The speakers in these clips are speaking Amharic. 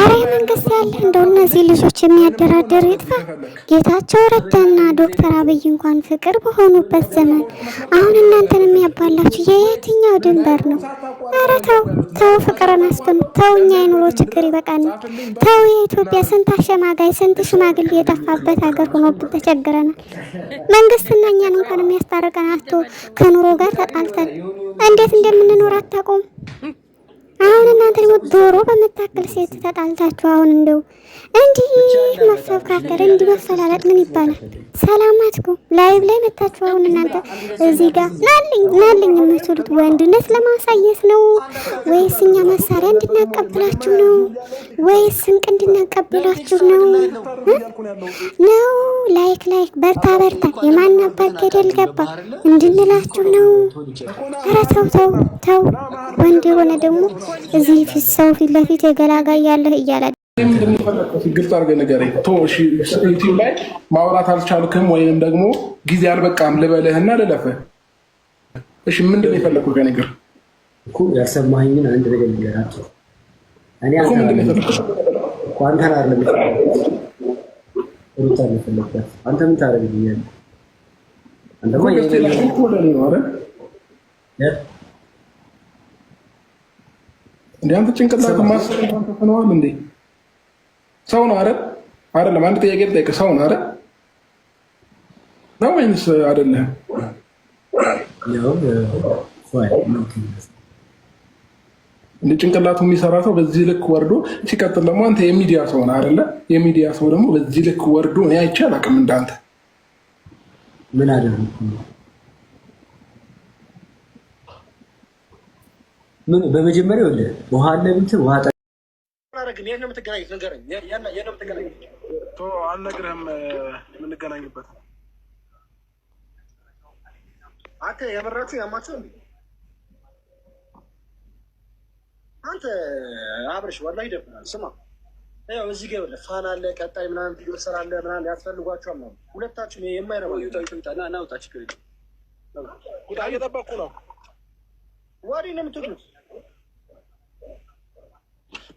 ዛሬ መንግስት ያለ እንደው እነዚህ ልጆች የሚያደራደር ይጥፋ። ጌታቸው ረዳና ዶክተር አብይ እንኳን ፍቅር በሆኑበት ዘመን አሁን እናንተን የሚያባላችሁ የየትኛው ድንበር ነው? ኧረ ተው ተው፣ ፍቅርን አስብም ተው። እኛ የኑሮ ችግር ይበቃናል። ተው። የኢትዮጵያ ስንት አሸማጋይ ስንት ሽማግሌ የጠፋበት ሀገር ሆኖብን ተቸግረናል። መንግስትና እኛን እንኳን የሚያስታርቀን አቶ ከኑሮ ጋር ተጣልተን እንዴት እንደምንኖር አታውቁም። አሁን እናንተ ደግሞ ዶሮ በምታክል ሴት ተጣልታችሁ አሁን እንደው እንዲህ መፈካከር እንዲህ መፈላለጥ ምን ይባላል? ሰላማት እኮ ላይቭ ላይ መታችሁ አሁን እናንተ እዚህ ጋር ናልኝ ናልኝ የምትሉት ወንድነት ለማሳየት ነው ወይስ እኛ መሳሪያ እንድናቀብላችሁ ነው ወይስ ስንቅ እንድናቀብላችሁ ነው ነው? ላይክ ላይክ በርታ በርታ የማናባት ገደል ገባ እንድንላችሁ ነው? ኧረ ተው ተው ተው ወንድ የሆነ ደግሞ እዚህ ሰው ፊት ለፊት የገላጋይ ያለህ እያለ ግልጽ አድርገህ ንገረኝ። ዩቲዩብ ላይ ማውራት አልቻልክም ወይም ደግሞ ጊዜ አልበቃም እና ልለፈህ። እሺ ምንድን የፈለግኩት? ከነገር ያልሰማኝን አንድ ነገር ንገራቸው። አንተን ሩታ አንተ ምን ታደርግልኛለህ? እንደ አንተ ጭንቅላት ማሰብ እንኳን ተፈነዋል እንዴ? ሰው ነው አረ አይደለም። አንድ ጥያቄ ልጠይቅህ። ሰው ነው አረ ነው ወይንስ አይደለም? እንደ ጭንቅላቱ የሚሰራ ሰው በዚህ ልክ ወርዶ ሲቀጥል ደግሞ አንተ የሚዲያ ሰው ነህ አይደለ? የሚዲያ ሰው ደግሞ በዚህ ልክ ወርዶ እኔ አይቼ አላውቅም እንዳንተ ምን በመጀመሪያ ወደ ውሃ አለ ብትል ውሃ ግን የት ነው ንገረኝ። የት ነው አልነግርህም። አንተ የምራችሁ ያማችሁ አንተ አብርሽ ወላሂ ይደብራል። ስማ ያው እዚህ ጋ ፋን አለ፣ ቀጣይ ምናምን ቪዲዮ አለ ምናምን ያስፈልጓቸው ነው ሁለታችሁም የማይረባ ና ነው። ወዲህ ነው የምትሉት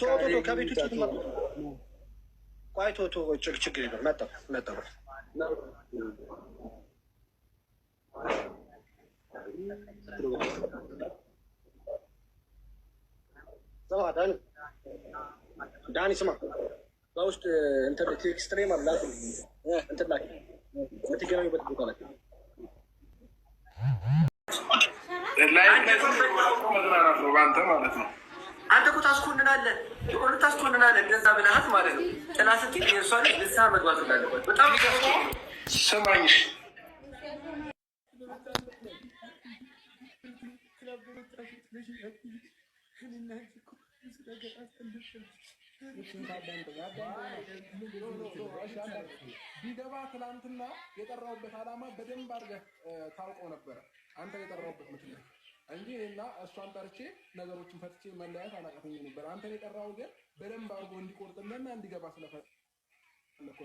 ቶቶ ከቤት ውጭ ቆይ፣ ቶቶ ችግር የለም መጣሁ መጣሁ። ዳኒ ስማ፣ በውስጥ ኤክስትሬም አላት እንትን ላክ የምትገናኙበት ቦታ ላይ ላይ ማለት ነው። አንተ እኮ ታስኮንናለህ፣ የሆነ ታስኮንናለህ። እንደዛ ብልሃት ማለት ነው። ጥላ ስትል የእሷ ልጅ ንስሐ መግባት እንዳለባት በጣም ሰማኝሽ። ቢገባ ትላንትና የጠራውበት አላማ በደንብ አድርገህ ታውቀው ነበረ አንተ የጠራውበት ምክንያት እንጂ እና እሷን ጠርቼ ነገሮችን ፈትቼ መለያየት አላቀተኝ ነበር። አንተን የጠራው ግን በደንብ አድርጎ እንዲቆርጥልና እንዲገባ ስለፈለኩ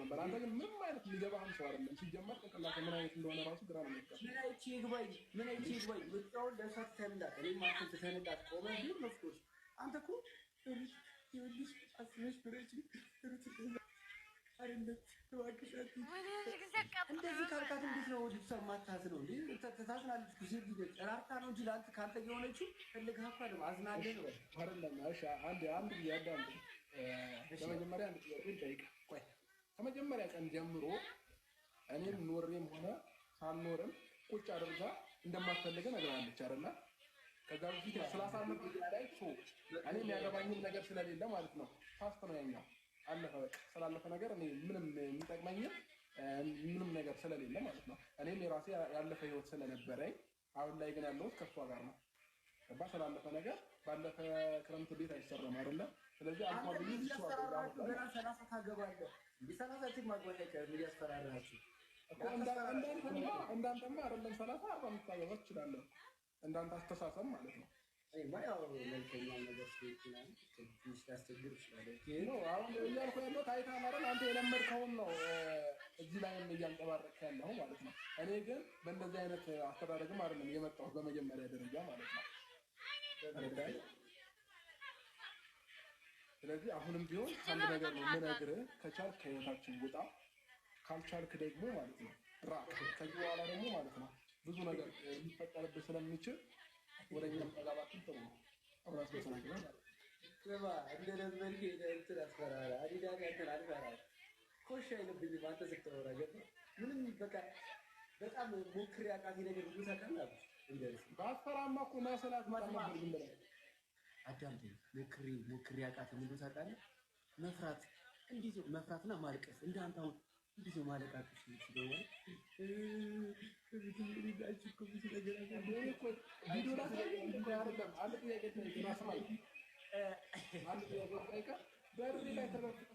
ነበር። አንተ ግን ምንም አይነት ሊገባህም ሰው አይደለም። ሲጀመር ጥቅላት ምን አይነት እንደሆነ ራሱ ግራ ነው ምን አይቼ ይግባኝ፣ ምን አይቼ ይግባኝ። ብቻውን ለሳተላት እኔ ማክል ተሰነጣት ቆመ ግን መፍቶች አንተ እኮ ሪስ ሪስ ብረች ሪስ ሪስ ሪስ እንደዚህ ካልካት እንዴት ነው ልብሷ ማታት ነው እንዴ? ተታዝናለች ጊዜ ጊዜ ጨራርታ ነው እንጂ ለአንተ ካንተ የሆነችው ፈልግ ሀኳ አዝናለ ነው አይደለም። እሺ አንድ አንድ ብያዳ አንድ ለመጀመሪያ አንድ ጥያቄ ጠይቀ ቆይ ከመጀመሪያ ቀን ጀምሮ እኔም ኖሬም ሆነ ሳልኖርም ቁጭ አድርጋ እንደማትፈልገ ነግራለች አይደለ? ከዛ በፊት ስላሳለፍ ላይ እኔ የሚያገባኝም ነገር ስለሌለ ማለት ነው ፓስት ነው ያኛው አለፈ። በቃ ስላለፈ ነገር እኔ ምንም የሚጠቅመኝም ምንም ነገር ስለሌለ ማለት ነው። እኔም የራሴ ያለፈ ህይወት ስለነበረኝ አሁን ላይ ግን ያለሁት ከእሷ ጋር ነው። ገባ ስላለፈ ነገር ባለፈ ክረምት ቤት አይሰራም አይደለም። ስለዚህ አልኳ ብዬ ሰላሳ ሰላሳ ማግባት እንዳንተማ አይደለም ሰላሳ አርባ ትችላለህ። እንዳንተ አስተሳሰብ ማለት ነው። አሁን እያልኩ ያለው ታይታ ማረን አንተ የለመድከውን ነው እዚህ ላይም እያንጠባረቅ ያለው ማለት ነው። እኔ ግን በእንደዚህ አይነት አስተዳደግም አይደለም የመጣሁት በመጀመሪያ ደረጃ ማለት ነው። ስለዚህ አሁንም ቢሆን አንድ ነገር ነው የምነግርህ፣ ከቻልክ ከህይወታችን ውጣ፣ ካልቻልክ ደግሞ ማለት ነው ራቅ። ከዚህ በኋላ ደግሞ ማለት ነው ብዙ ነገር ሊፈጠርብህ ስለሚችል ወደ እኛ መጠጋባችን ጥሩ ነው። አብራስ በተናግረ ማለት ነው ኮሽ አይልብኝም። አንተ ስትወራ ምንም በቃ በጣም ሞክሬ አቃፊ ነገር ብዙ ታውቃለህ። በአፈራማ እኮ ማሰላት አዳምጠኝ። ሞክሬ ሞክሬ አቃፊ ሁሉ ታውቃለህ። መፍራት እንዴት መፍራትና ማልቀስ እንደ አንተ አሁን እንዴት ማለቃቀስ ይችላል? ከዚህ ይዳችሁ ነገር ቪዲዮ ላይ አይደለም። አንድ ጥያቄ ማስማይ አንድ ጥያቄ ነው በርሪ ላይ ተረፍኩ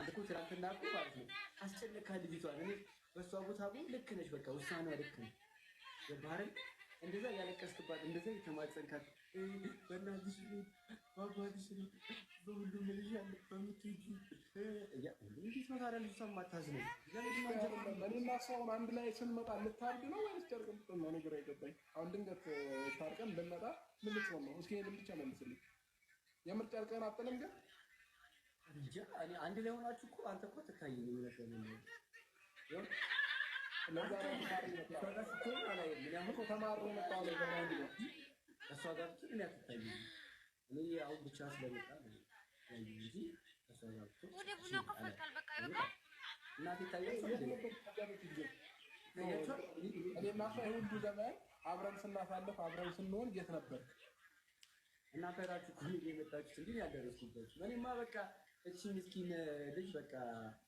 አንተ እኮ ትናንትና እኮ ማለት ነው አስጨነካ ልጅቷን። እኔ በእሷ ቦታ ልክ ነች፣ በቃ ውሳኔዋ ልክ ነው። የባህርን እንደዛ ያለቀስክባት እንደዛ የተማጸንካት በእናትሽ በአባትሽ በሁሉም ልጅ ያለ በምትጅ እንዴት ነው ታዲያ ልጅቷን ማታዝነው? እኔና ሰውን አንድ ላይ ስንመጣ ልታርግ ነው ወይስ ጨርቅ ልጥል ነው? ነገር አይገባኝ። አሁን ድንገት ታርቀን ልንመጣ ምን ልትሆን ነው? እስኪ ይሄንን ብቻ መልስልኝ። የምር ጨርቅህን አጥልም ግን አንድ ላይ ሆናችሁ እኮ አንተ እኮ ትታየኝ የሚለሽ ነው ነው። አብረን ስናሳልፍ አብረን ስንሆን የት ነበርክ? እናንተ እራችሁ እኮ የመጣችሁት እንግዲህ ያደረስኩበት እኔማ በቃ É tinha uma esquina. Deixa eu pra